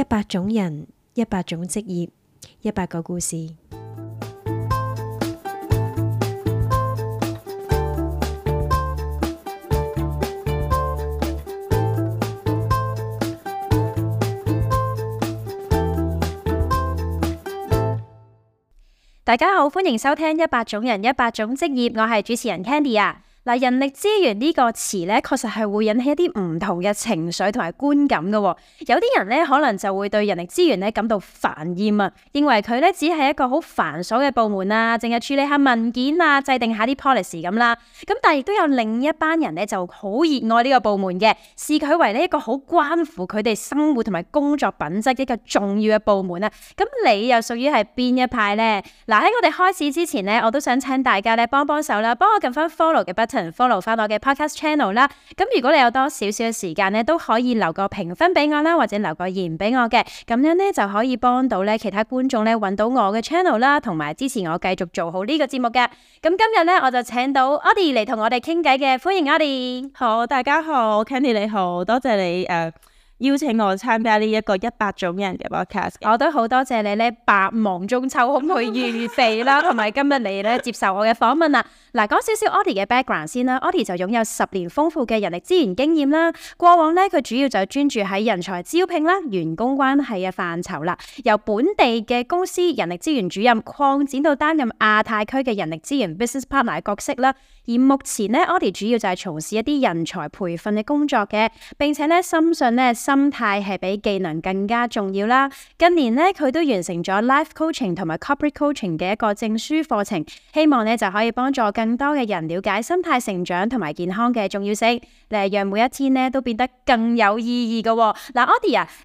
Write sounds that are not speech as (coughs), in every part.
一百種人，一百種職業，一百個故事。大家好，歡迎收聽《一百種人，一百種職業》，我係主持人 Candy 啊。嗱，人力資源呢個詞呢，確實係會引起一啲唔同嘅情緒同埋觀感嘅，哦。有啲人呢，可能就會對人力資源呢感到煩厭啊，認為佢呢只係一個好繁瑣嘅部門啊，淨係處理下文件啊，制定下啲 policy 咁啦。咁但係亦都有另一班人呢，就好熱愛呢個部門嘅，視佢為呢一個好關乎佢哋生活同埋工作品質一個重要嘅部門啊。咁你又屬於係邊一派呢？嗱、啊，喺我哋開始之前呢，我都想請大家呢幫幫手啦，幫我撳翻 follow 嘅筆。follow 翻我嘅 podcast channel 啦，咁如果你有多少少時間呢，都可以留個評分俾我啦，或者留個言俾我嘅，咁樣呢就可以幫到咧其他觀眾咧揾到我嘅 channel 啦，同埋支持我繼續做好呢個節目嘅。咁今日呢，我就請到 Oddie 嚟同我哋傾偈嘅，歡迎 Oddie，好，大家好，Candy 你好，多謝你誒。Uh 邀請我參加呢一個一百種人嘅 podcast，我都好多謝你呢百忙中抽空去預備啦，同埋 (laughs) 今日嚟咧接受我嘅訪問啦。嗱，講少少 Oddie 嘅 background 先啦，Oddie 就擁有十年豐富嘅人力資源經驗啦。過往呢，佢主要就專注喺人才招聘啦、員工關係嘅範疇啦，由本地嘅公司人力資源主任擴展到擔任亞太區嘅人力資源 business partner 角色啦。而目前呢，Oddie 主要就係從事一啲人才培訓嘅工作嘅，並且呢，深信呢，心態係比技能更加重要啦。近年呢，佢都完成咗 life coaching 同埋 corporate coaching 嘅一個證書課程，希望呢就可以幫助更多嘅人了解心態成長同埋健康嘅重要性，嚟讓每一天呢都變得更有意義嘅、哦。嗱 Oddie 啊，喺、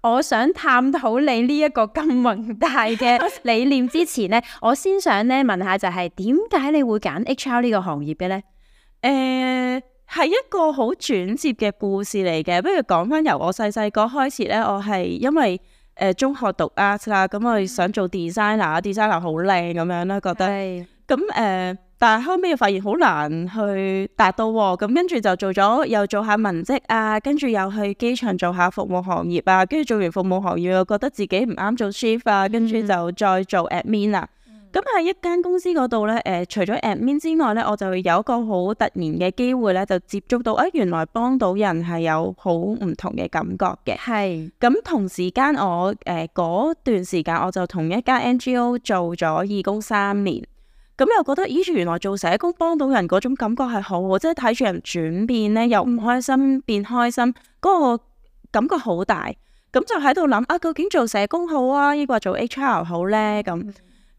呃、我想探討你呢一個咁宏大嘅理念之前呢， (laughs) 我先想呢問下就係、是，點解你會揀 HR 呢個行業嘅呢？誒、呃。係一個好轉折嘅故事嚟嘅，不如講翻由我細細個開始咧，我係因為誒、呃、中學讀 art 啦、嗯，咁我、嗯、想做 designer，designer 好 Des 靚咁樣啦，覺得，咁誒是、嗯，但係後屘後尾發現好難去達到喎，咁跟住就做咗又做下文職啊，跟住又去機場做下服務行業啊，跟住做完服務行業又覺得自己唔啱做 chef 啊，跟住就再做 admin 啊。嗯嗯。咁喺一間公司嗰度咧，誒除咗 Admin 之外咧，我就有一個好突然嘅機會咧，就接觸到啊，原來幫到人係有好唔同嘅感覺嘅。係咁是同時間我，我誒嗰段時間我就同一間 NGO 做咗義工三年，咁又覺得咦，原來做社工幫到人嗰種感覺係好，即係睇住人轉變咧，由唔開心變開心，嗰、那個感覺好大。咁就喺度諗啊，究竟做社工好啊，抑或做 HR 好咧咁。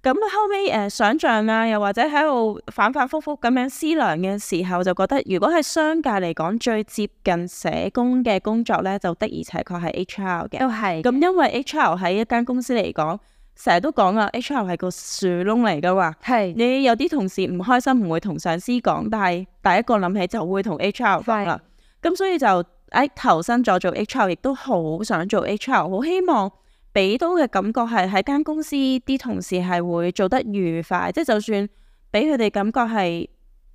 咁後尾誒、呃、想像啊，又或者喺度反反覆覆咁樣思量嘅時候，就覺得如果係商界嚟講最接近社工嘅工作咧，就的而且確係 H R 嘅。都係咁，因為 H R 喺一間公司嚟講，成日都講啊，H R 係個樹窿嚟噶嘛。係。你有啲同事唔開心唔會同上司講，但係第一個諗起就會同 H R 講啦。係。咁所以就誒投身咗做 H R，亦都好想做 H R，好希望。俾到嘅感覺係喺間公司啲同事係會做得愉快，即係就算俾佢哋感覺係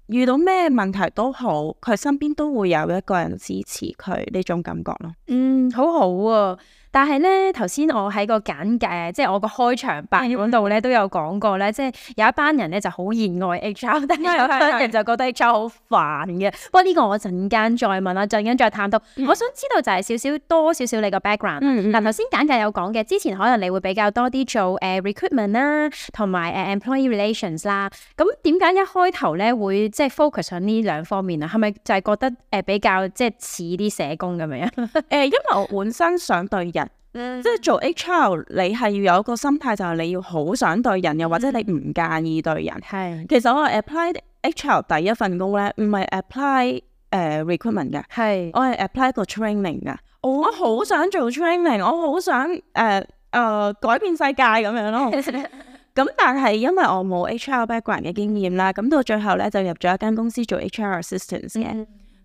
遇到咩問題都好，佢身邊都會有一個人支持佢呢種感覺咯。嗯，好好啊。但係咧，頭先我喺個簡介，即係我個開場白度咧，都有講過咧， (laughs) 即係有一班人咧就好熱愛 HR，但係有班人就覺得 HR 好煩嘅。 (laughs) 不過呢個我陣間再問啊，陣間再探討。嗯、我想知道就係少少，多少少你個 background 嗯嗯。嗱，頭先簡介有講嘅，之前可能你會比較多啲做誒 recruitment 啦，同埋誒 employee relations 啦，啊。咁點解一開頭咧會即係 focus 喺呢兩方面啊？係咪就係覺得誒比較、呃、即係似啲社工咁樣啊？誒， (laughs) 呃，因為我本身想對人。即係做 H.R. 你係要有一個心態，就係你要好想對人，又或者你唔介意對人。係，其實我係 apply H.R. 第一份工咧，唔係 apply 誒 recruitment 㗎，係我係 apply 個 training 㗎。我好想做 training，我好想誒誒改變世界咁樣咯。咁但係因為我冇 H.R. background 嘅經驗啦，咁到最後咧就入咗一間公司做 H.R. assistant 嘅。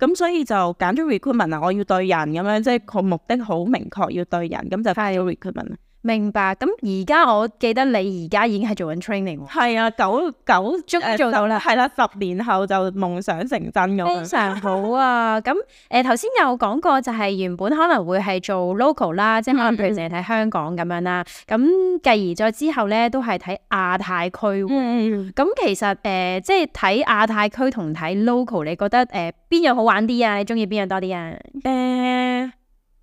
咁所以就揀咗 recruitment 啊，我要對人咁樣，即係個目的好明確，要對人，咁就返去咗 recruitment 啦。明白，咁而家我記得你而家已經係做緊 training。係啊，九九終於做咗啦，係啦，十年後就夢想成真咁。非常好啊！咁 (laughs) 誒、呃，頭先有講過就係原本可能會係做 local 啦，即係可能平時係睇香港咁樣啦。咁繼 (laughs) 而再之後咧，都係睇亞太區。雷嗯嗯，咁其實誒、呃，即係睇亞太區同睇 local，你覺得誒邊樣好玩啲啊？你中意邊樣多啲啊？誒，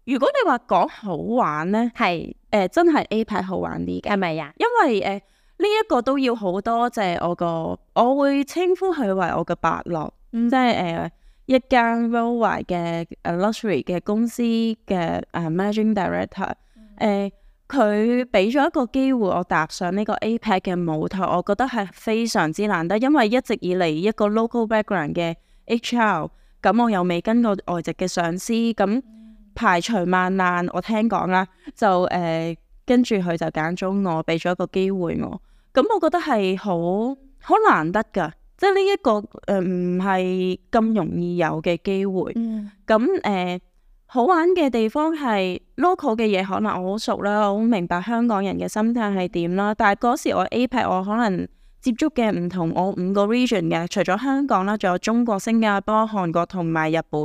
如果你話講好玩咧，係。誒、呃、真係 A 牌好玩啲嘅係咪呀？是是因為誒呢一個都要好多謝，即我個我會稱呼佢為我嘅伯樂，嗯、即係誒、呃、一間 Royal 嘅誒、啊、luxury 嘅公司嘅誒、啊、Managing Director、嗯。誒佢俾咗一個機會我踏上呢個 A 牌嘅舞台，我覺得係非常之難得，因為一直以嚟一個 local background 嘅 HR，咁我又未跟過外籍嘅上司，咁。嗯排除萬難，我聽講啦，就誒跟住佢就揀咗我，俾咗一個機會我，咁我覺得係好好難得㗎，即係呢一個誒唔係咁容易有嘅機會。咁誒、嗯呃、好玩嘅地方係 local 嘅嘢，可能我好熟啦，我好明白香港人嘅心態係點啦。但係嗰時我 APAC，我可能，接觸嘅唔同我五個 region 嘅，除咗香港啦，仲有中國、新加坡、韓國同埋日本。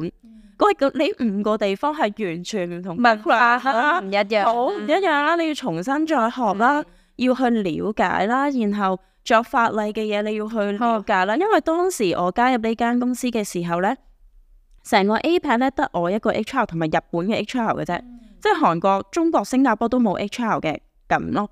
嗰個呢五個地方係完全唔同文化啦，唔一樣，唔一樣啦。你要重新再學啦，要去了解啦，然後作法例嘅嘢你要去了解啦。因為當時我加入呢間公司嘅時候呢，成個 APAC 咧得我一個 HR 同埋日本嘅 HR 嘅啫，即係韓國、中國、新加坡都冇 HR 嘅咁咯。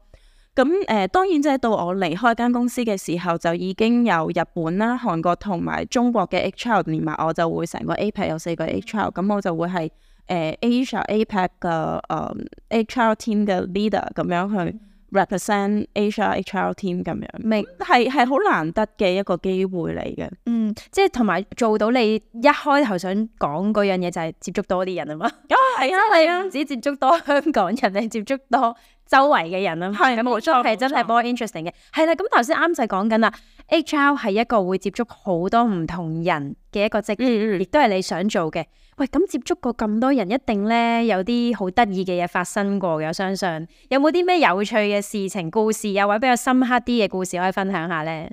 咁誒當然即係到我離開間公司嘅時候，就已經有日本啦、韓國同埋中國嘅 HR 連埋我，就會成個 APAC 有四個 HR，咁、嗯、我就會係誒 Asia APAC 嘅誒、um, HR team 嘅 leader 咁樣去 represent Asia HR team 咁樣，明係係好難得嘅一個機會嚟嘅，嗯，即係同埋做到你一開頭想講嗰樣嘢就係接觸多啲人啊嘛，啊係啊， (laughs) 你唔止接觸多香港人，你接觸多。周圍嘅人啊，係冇是、嗯、錯，係真係 more interesting 嘅錯。係啦，咁頭先啱就講緊啦。H R 係一個會接觸好多唔同人嘅一個職業，亦、嗯、都係你想做嘅。喂，咁接觸過咁多人，一定咧有啲好得意嘅嘢發生過嘅。我相信有冇啲咩有趣嘅事情、故事啊，或者比較深刻啲嘅故事可以分享下咧？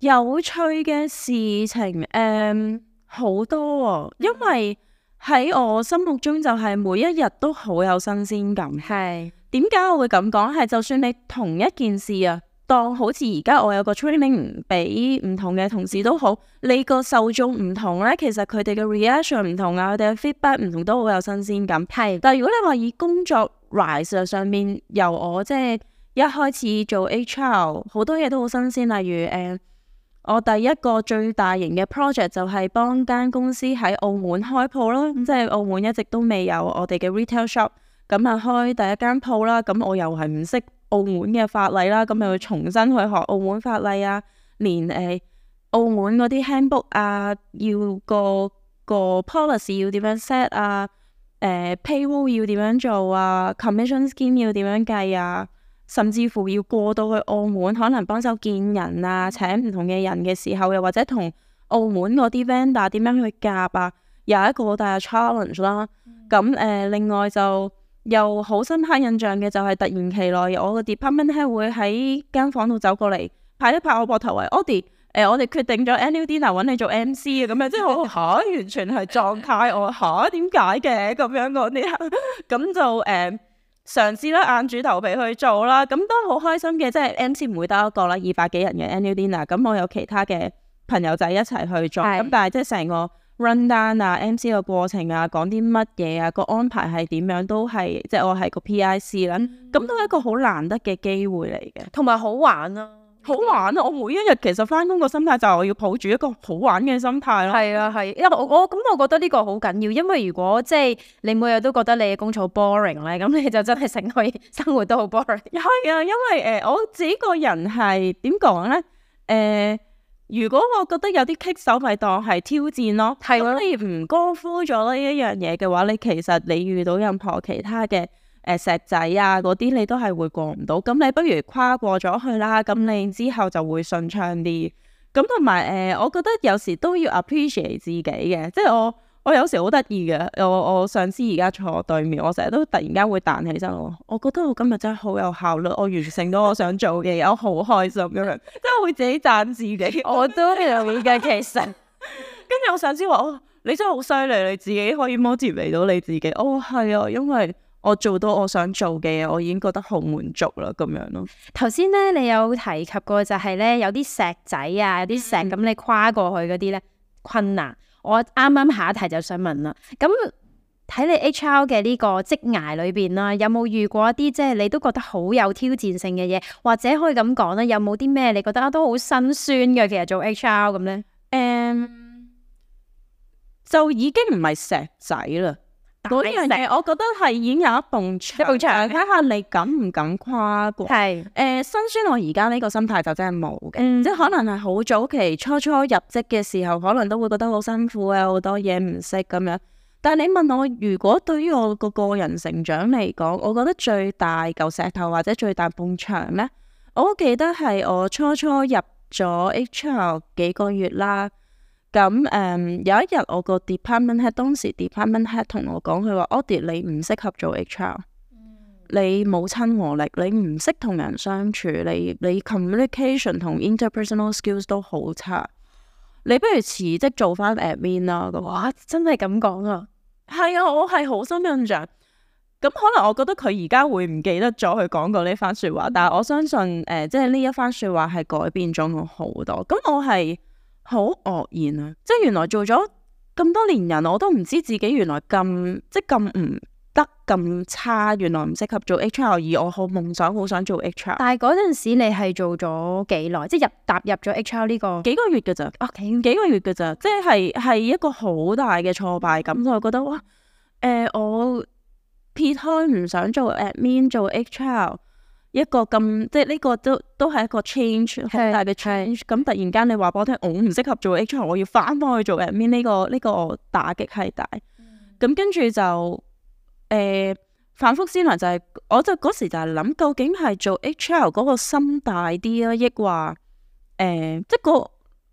有趣嘅事情，誒、嗯、好多啊、哦！因為喺我心目中就係每一日都好有新鮮感，係。點解我會咁講？係就算你同一件事啊，當好似而家我有個 training 唔俾唔同嘅同事都好，你個受眾唔同咧，其實佢哋嘅 reaction 唔同啊，佢哋嘅 feedback 唔同都好有新鮮感。係是，但係如果你話以工作 rise 上面，由我即係、就是、一開始做 HR，好多嘢都好新鮮。例如誒，uh, 我第一個最大型嘅 project 就係幫間公司喺澳門開鋪囉，咁即係澳門一直都未有我哋嘅 retail shop。咁啊，開第一間鋪啦，咁我又係唔識澳門嘅法例啦，咁又要重新去學澳門法例啊，連誒、呃、澳門嗰啲 handbook 啊，要個個 policy 要點樣 set 啊，誒、呃、paywall 要點樣做啊，commission scheme 要點樣計啊，甚至乎要過到去澳門，可能幫手見人啊，請唔同嘅人嘅時候，又或者同澳門嗰啲 vendor 點樣去夾啊，又係一個好大嘅 challenge 啦。咁誒、mm hmm. 呃，另外就。又好深刻印象嘅就係突然其內，我個 department head 會喺間房度走過嚟，拍一拍我膊頭，話：Oddie，誒、呃，我哋決定咗 annual dinner 揾你做 MC 嘅，咁樣即係我嚇、啊、完全係狀態，我嚇點解嘅咁樣講啲，咁就誒、啊、嘗試啦，硬住頭皮去做啦，咁都好開心嘅，即係 MC 唔會得一個啦，二百幾人嘅 annual dinner，咁我有其他嘅朋友仔一齊去做，咁的但係即係成個。Run down 啊，MC 嘅過程啊，講啲乜嘢啊，個安排係點樣都係，即係我係個 PIC 啦，咁都係一個好難得嘅機會嚟嘅，同埋好玩啊。好玩啊，我每一日其實翻工個心態就係我要抱住一個好玩嘅心態咯、啊。係啊係，因為、啊、我我咁我，我覺得呢個好緊要，因為如果即係你每日都覺得你嘅工作 boring 咧，咁你就真係成個生活都好 boring。係啊，因為誒、呃、我自己個人係點講咧，誒。呃如果我覺得有啲棘手，咪當係挑戰咯。咁係咯。你唔高呼咗呢一樣嘢嘅話，你其實你遇到任何其他嘅誒、呃、石仔啊嗰啲，你都係會過唔到。咁你不如跨過咗去啦，咁你之後就會順暢啲。咁同埋誒，我覺得有時都要 appreciate 自己嘅，即係我。我有時好得意嘅，我我上司而家坐我對面，我成日都突然間會彈起身，我覺得我今日真係好有效率，我完成到我想做嘅嘢，我好開心咁樣，即係會自己讚自己。我都會嘅， (laughs) 其實。跟住我上司話：哦，你真係好犀利，你自己可以 motivate 到你自己。哦，係啊，因為我做到我想做嘅嘢，我已經覺得好滿足啦，咁樣咯。頭先咧，你有提及過就係咧，有啲石仔啊，有啲石咁，你跨過去嗰啲咧困難。我啱啱下一題就想問啦，咁睇你 HR 嘅呢個職涯裏邊啦，有冇遇過一啲即係你都覺得好有挑戰性嘅嘢，或者可以咁講啦，有冇啲咩你覺得都好辛酸嘅？其實做 HR 咁咧，誒，um, 就已經唔係石仔啦。嗰一樣嘢，我覺得係已經有一埲牆。睇下你敢唔敢跨過？係。誒，辛酸我而家呢個心態就真係冇嘅，即係可能係好早期初初入職嘅時候，可能都會覺得好辛苦啊，好多嘢唔識咁樣。但係你問我，如果對於我個個人成長嚟講，我覺得最大嚿石頭或者最大埲牆咧，我記得係我初初入咗 HR 幾個月啦。咁誒、嗯、有一日我個 department head 當時 department head 同我講，佢話：Oddie 你唔適合做 HR，你冇親和力，你唔識同人相處，你你 communication 同 interpersonal skills 都好差，你不如辭職做翻 admin 啦。嘩真係咁講啊？係啊，我係好深印象。咁可能我覺得佢而家會唔記得咗佢講過呢番説話，但係我相信誒，即係呢一番説話係改變咗我好多。咁我係。好愕然啊！即係原來做咗咁多年人，我都唔知自己原來咁即係咁唔得咁差，原來唔適合做 HR，而我好夢想好想做 HR。但係嗰陣時你係做咗幾耐？即係入踏入咗 HR 呢、這個？幾個月噶咋？哦，幾幾個月噶咋？即係係一個好大嘅挫敗感，就覺得哇，誒、呃、我撇開唔想做 Admin 做 HR。一個咁即係呢個都都係一個 change 好是大嘅 change，咁是突然間你話俾我聽，我唔適合做 HR，我要返翻去做 admin 呢、這個呢、這個打擊係大，咁跟住就誒、呃、反覆思來、就是，就係我就嗰時就係諗，究竟係做 HR 嗰個心大啲咯、啊，抑或誒、呃、即個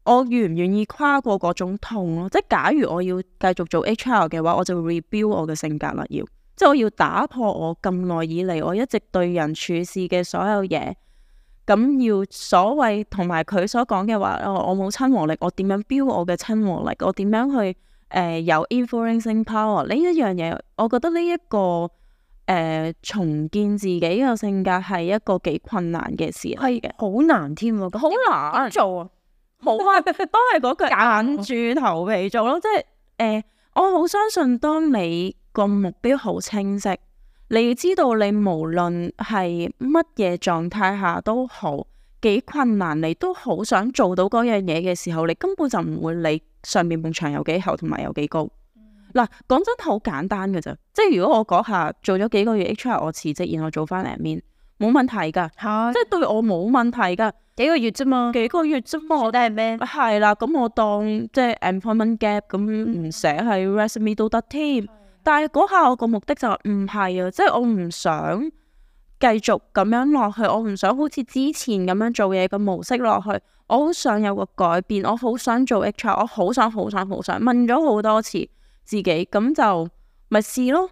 我願唔願意跨過嗰種痛咯、啊？即係假如我要繼續做 HR 嘅話，我就 rebuild 我嘅性格啦要。都要打破我咁耐以嚟，我一直對人處事嘅所有嘢。咁要所謂同埋佢所講嘅話，我冇親和力，我點樣 build 我嘅親和力？我點樣去誒、呃、有 influencing power？呢一樣嘢，我覺得呢、這、一個誒、呃、重建自己嘅性格係一個幾困難嘅事的，係，好難添，好難做，啊，好快、啊，是有都係嗰句硬住頭皮做咯、啊。即係誒我好相信當你。個目標好清晰，你知道你無論係乜嘢狀態下都好，幾困難，你都好想做到嗰樣嘢嘅時候，你根本就唔會理會上面埲牆有幾厚同埋有幾高。嗱、嗯，講真好簡單噶咋，即係如果我嗰下做咗幾個月 HR，我辭職然後做翻嚟麵，冇問題噶，即係對我冇問題噶，幾個月啫嘛，是幾個月啫嘛，嘛我哋係咩？係啦，咁我當即係 employment gap 咁唔寫係 resume 都得添。但係嗰下我個目的就唔係啊，即係我唔想繼續咁樣落去，我唔想好似之前咁樣做嘢嘅模式落去。我好想有個改變，我好想做 HR，我好想,想,想，好想，好想問咗好多次自己，咁就咪試咯。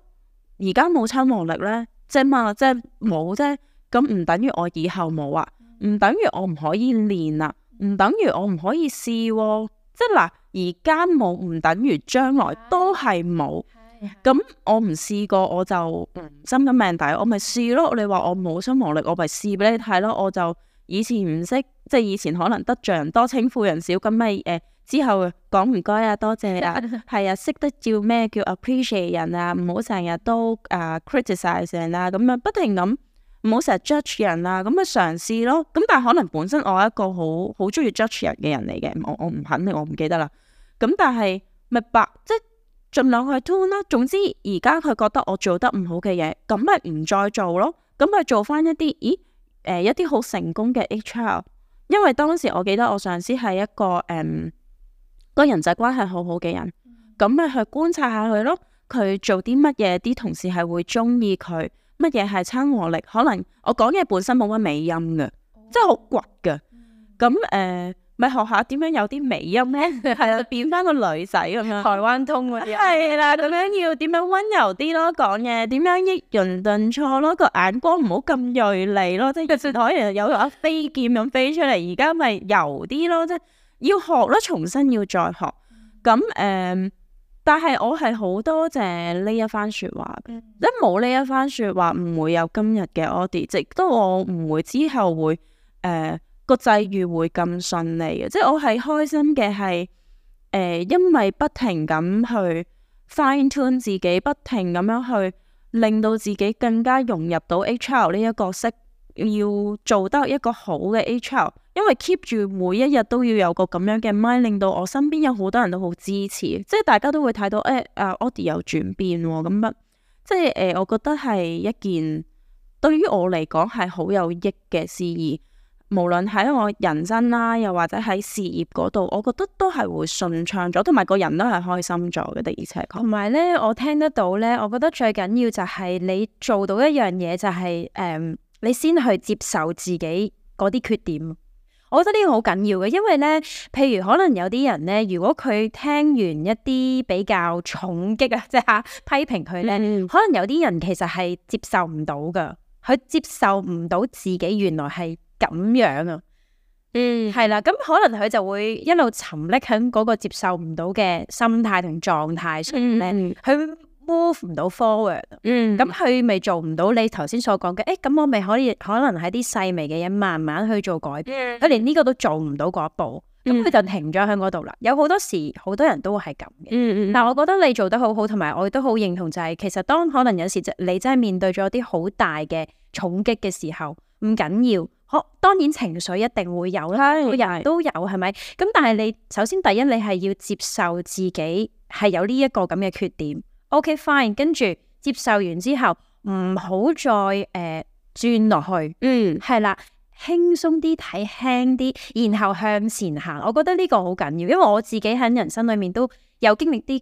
而家冇親和力呢？即係嘛，即係冇啫。咁唔等於我以後冇啊？唔等於我唔可以練啊？唔等於我唔可以試、啊？即係嗱，而家冇唔等於將來都係冇。咁我唔試過，我就心咁命抵，我咪試咯。你話我冇親和力，我咪試俾你睇咯。我就以前唔識，即係以前可能得罪人多，稱呼人少，咁咪誒、之後講唔該啊，多謝啊，係 (laughs) 啊，識得叫咩叫 appreciate 人啊，唔好成日都啊、uh, criticise 人啊，咁樣不停咁，唔好成日 judge 人啊，咁咪嘗試咯。咁但係可能本身我係一個好好中意 judge 人嘅人嚟嘅，我我唔肯定，我唔記得啦。咁但係咪白即？盡量去 tune 啦，總之而家佢覺得我做得唔好嘅嘢，咁咪唔再做咯，咁咪做翻一啲，咦，誒、呃、一啲好成功嘅 HR，因為當時我記得我上司係一個誒、嗯、個人際關係好好嘅人，咁咪去觀察下佢咯，佢做啲乜嘢，啲同事係會中意佢，乜嘢係親和力，可能我講嘢本身冇乜美音嘅，即係好倔嘅，咁誒。呃咪學下點樣有啲美音、啊、咧，係 (laughs) 啊，變翻個女仔咁樣，台灣通啊，係啦，咁、 (laughs) 啊、樣要點樣温柔啲咯講嘢，點樣抑揚頓挫咯，個眼光唔好咁鋭利咯，即係以前可以有人有個飛劍咁飛出嚟，而家咪柔啲咯，即係要學啦，重新要再學。咁誒、嗯，但係我係好多謝呢一番説話嘅。嗯、即冇呢一番説話，唔會有今日嘅 Oddie，即係都我唔會之後會誒。呃個際遇會咁順利嘅，即係我係開心嘅係誒，因為不停咁去 fine tune 自己，不停咁樣去令到自己更加融入到 H R 呢一個角色，要做得一個好嘅 H R。因為 keep 住每一日都要有個咁樣嘅 mind，令到我身邊有好多人都好支持，即係大家都會睇到誒、哎、啊，Oddie 有轉變喎、哦，咁乜即係誒、呃？我覺得係一件對於我嚟講係好有益嘅事宜。無論喺我人生啦、啊，又或者喺事業嗰度，我覺得都係會順暢咗，同埋個人都係開心咗嘅。的而且確，同埋咧，我聽得到咧，我覺得最緊要就係你做到一樣嘢、就係，就係誒，你先去接受自己嗰啲缺點。我覺得呢個好緊要嘅，因為咧，譬如可能有啲人咧，如果佢聽完一啲比較重擊啊，即係嚇批評佢咧，嗯、可能有啲人其實係接受唔到噶，佢接受唔到自己原來係。咁樣啊，嗯，係啦，咁可能佢就會一路沉溺喺嗰個接受唔到嘅心態同狀態上咧，佢 move 唔到 forward，嗯，咁佢咪做唔到你頭先所講嘅，誒、欸，咁我咪可以可能喺啲細微嘅嘢慢慢去做改變，佢、嗯、連呢個都做唔到嗰步，咁佢就停咗喺嗰度啦。有好多時好多人都會係咁嘅，但我覺得你做得好好，同埋我亦都好認同就係，其實當可能有時就你真係面對咗啲好大嘅重擊嘅時候，唔緊要。好、哦，當然情緒一定會有啦， (noise) 人都有係咪？咁但係你首先第一，你係要接受自己係有呢一個咁嘅缺點。OK，fine，okay。跟住接受完之後，唔好再誒轉落去。嗯，係啦，輕鬆啲，睇輕啲，然後向前行。我覺得呢個好緊要，因為我自己喺人生裡面都有經歷啲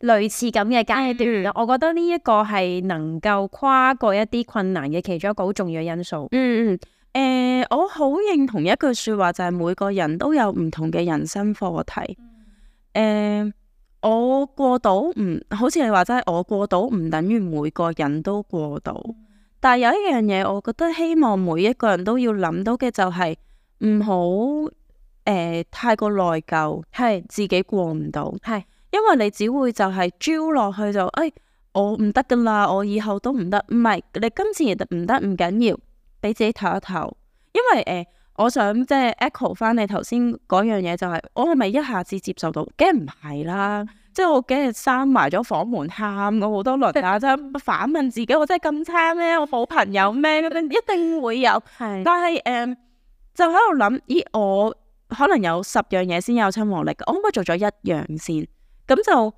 類似咁嘅階段 I do. 我覺得呢一個係能夠跨過一啲困難嘅其中一個好重要嘅因素。嗯嗯。誒，uh, 我好認同一句說話，就係、是、每個人都有唔同嘅人生課題。誒、uh,，我過到，嗯，好似你話，即係我過到，唔等於每個人都過到。但係有一樣嘢，我覺得希望每一個人都要諗到嘅就係，唔好誒太過內疚，係是自己過唔到，係是，因為你只會就係招落去就，誒、哎，我唔得㗎喇，我以後都唔得，唔係你今次亦都唔得，唔緊要。畀自己唞一唞，因為誒、呃，我想即係 echo 翻你頭先嗰樣嘢，就係、是、我係咪一下子接受到？梗係唔係啦，即係我梗係閂埋咗房門，喊我好多輪啊！即反問自己我，我真係咁差咩？我冇朋友咩？一定會有，是但係誒、呃、就喺度諗，咦，我可能有十樣嘢先有親和力，我可唔可以做咗一樣先？咁就。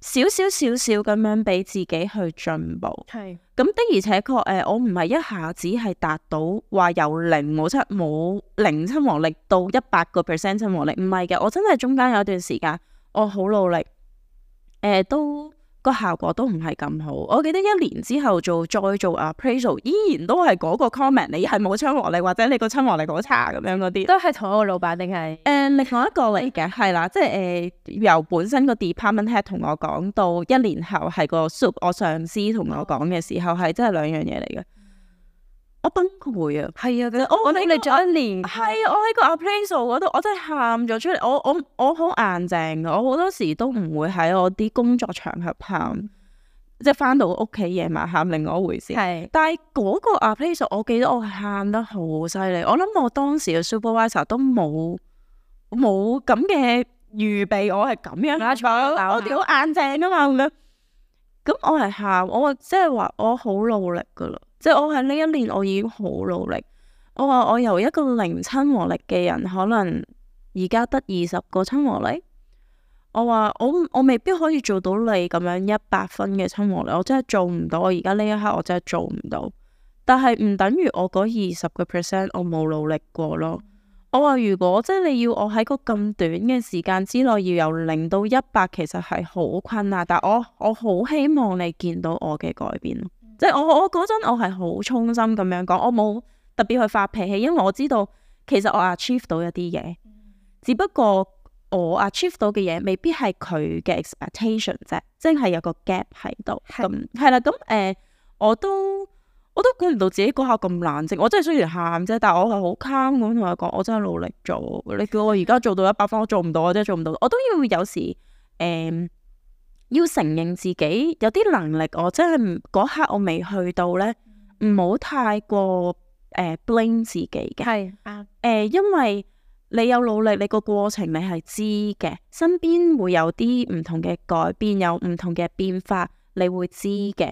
少少少少咁樣俾自己去進步，係咁是的而且確誒，我唔係一下子係達到話由零冇七冇零親和力到一百個 percent 親和力，唔係嘅，我真係中間有一段時間我好努力，誒、呃、都。個效果都唔係咁好，我記得一年之後做再做 appraisal 依然都係嗰個 comment，你係冇親和力或者你個親和力好差咁樣嗰啲，都係同一個老闆定係誒，And, 另外一個嚟嘅係啦，即係誒、呃、由本身個 department head 同我講到一年後係個 sup，我上司同我講嘅時候係真係兩樣嘢嚟嘅。崩潰啊！係啊，我喺你咗一年，係我喺個 a p p l a y s o l 嗰度，我真係喊咗出嚟。我我我好硬靜噶，我好多時都唔會喺我啲工作場合喊，即係翻到屋企夜晚喊，另外一回事。係是，但係嗰個 a p p l a y s o l 我記得我喊得好犀利。我諗我當時嘅 Super v i s o r 都冇冇咁嘅預備，我係咁樣啊，我哋好我了硬靜啊嘛，咁樣。咁我係喊，我即係話我好努力噶啦。即係我喺呢一年我已經好努力，我話我由一個零親和力嘅人，可能而家得二十個親和力，我話我我未必可以做到你咁樣一百分嘅親和力，我真係做唔到，我而家呢一刻我真係做唔到。但係唔等於我嗰二十個 percent 我冇努力過咯。我話如果即係你要我喺個咁短嘅時間之內，要由零到一百，其實係好困難。但我我好希望你見到我嘅改變。即係我我嗰陣我係好衷心咁樣講，我冇特別去發脾氣，因為我知道其實我 achieve 到一啲嘢，只不過我 achieve 到嘅嘢未必係佢嘅 expectation 啫，即係有個 gap 喺度，咁係啦。咁誒是、嗯呃、我都我都估唔到自己嗰下咁冷靜，即我真係雖然喊啫，但係我係好 calm 咁同佢講，我真係努力做。你叫我而家做到一百分，我做唔到，我真係做唔到。我都要有時誒。嗯要承認自己有啲能力我，我真係唔嗰刻我未去到呢，唔好、嗯、太過誒 blame 自己嘅。係是、呃、因為你有努力，你個過程你係知嘅，身邊會有啲唔同嘅改變，有唔同嘅變化，你會知嘅。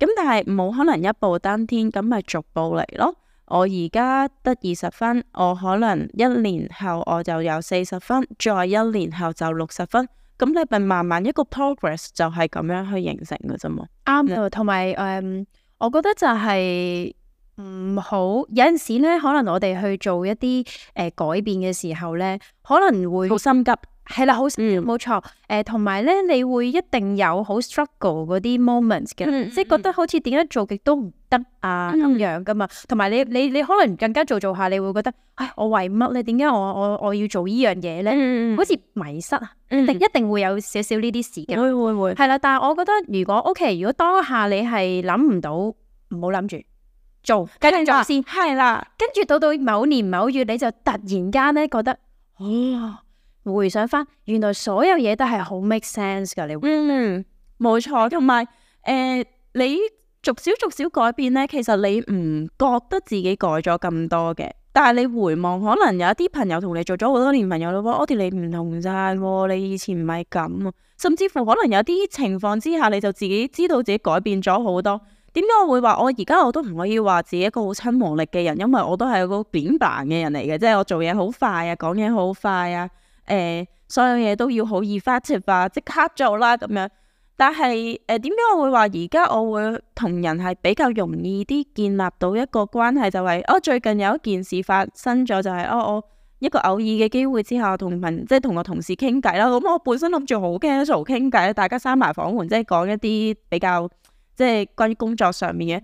咁但係冇可能一步登天，咁咪逐步嚟咯。我而家得二十分，我可能一年後我就有四十分，再一年後就六十分。咁你咪慢慢一個 progress 就係咁樣去形成嘅啫嘛。啱，同埋誒我覺得就係唔好有陣時咧，可能我哋去做一啲誒、呃、改變嘅時候咧，可能會好心急。係啦，好冇錯。誒，同埋咧，你會一定有好 struggle 嗰啲 moments 嘅、嗯，即係覺得好似點解做極都唔得啊咁樣噶嘛。同埋你你你可能更加做做下，你會覺得，唉，我為乜咧？點解我我我要做依樣嘢咧？嗯、好似迷失，一定、嗯、一定會有少少呢啲事嘅。會會會。係啦，但係我覺得如果 OK，如果當下你係諗唔到，唔好諗住做，繼續做先。係啦，啦跟住到到某年某月，你就突然間咧覺得，哦。 (coughs) 回想翻，原來所有嘢都係好 make sense 噶。你會嗯，冇錯。同埋誒，你逐少逐少改變咧，其實你唔覺得自己改咗咁多嘅。但係你回望，可能有一啲朋友同你做咗好多年朋友咯。我哋你唔同曬喎，你以前唔係咁啊。甚至乎可能有啲情況之下，你就自己知道自己改變咗好多。點解我會話我而家我都唔可以話自己一個好親和力嘅人，因為我都係個扁板嘅人嚟嘅，即係我做嘢好快啊，講嘢好快啊。誒、呃，所有嘢都要好 effective 啊，即刻做啦咁樣。但係誒、點、呃、解我會話而家我會同人係比較容易啲建立到一個關係？就係、是、哦，最近有一件事發生咗，就係、是、哦，我一個偶爾嘅機會之後同朋，即係同個同事傾偈啦。咁我本身諗住好 casual 傾偈，大家閂埋房門，即係講一啲比較即係關於工作上面嘅。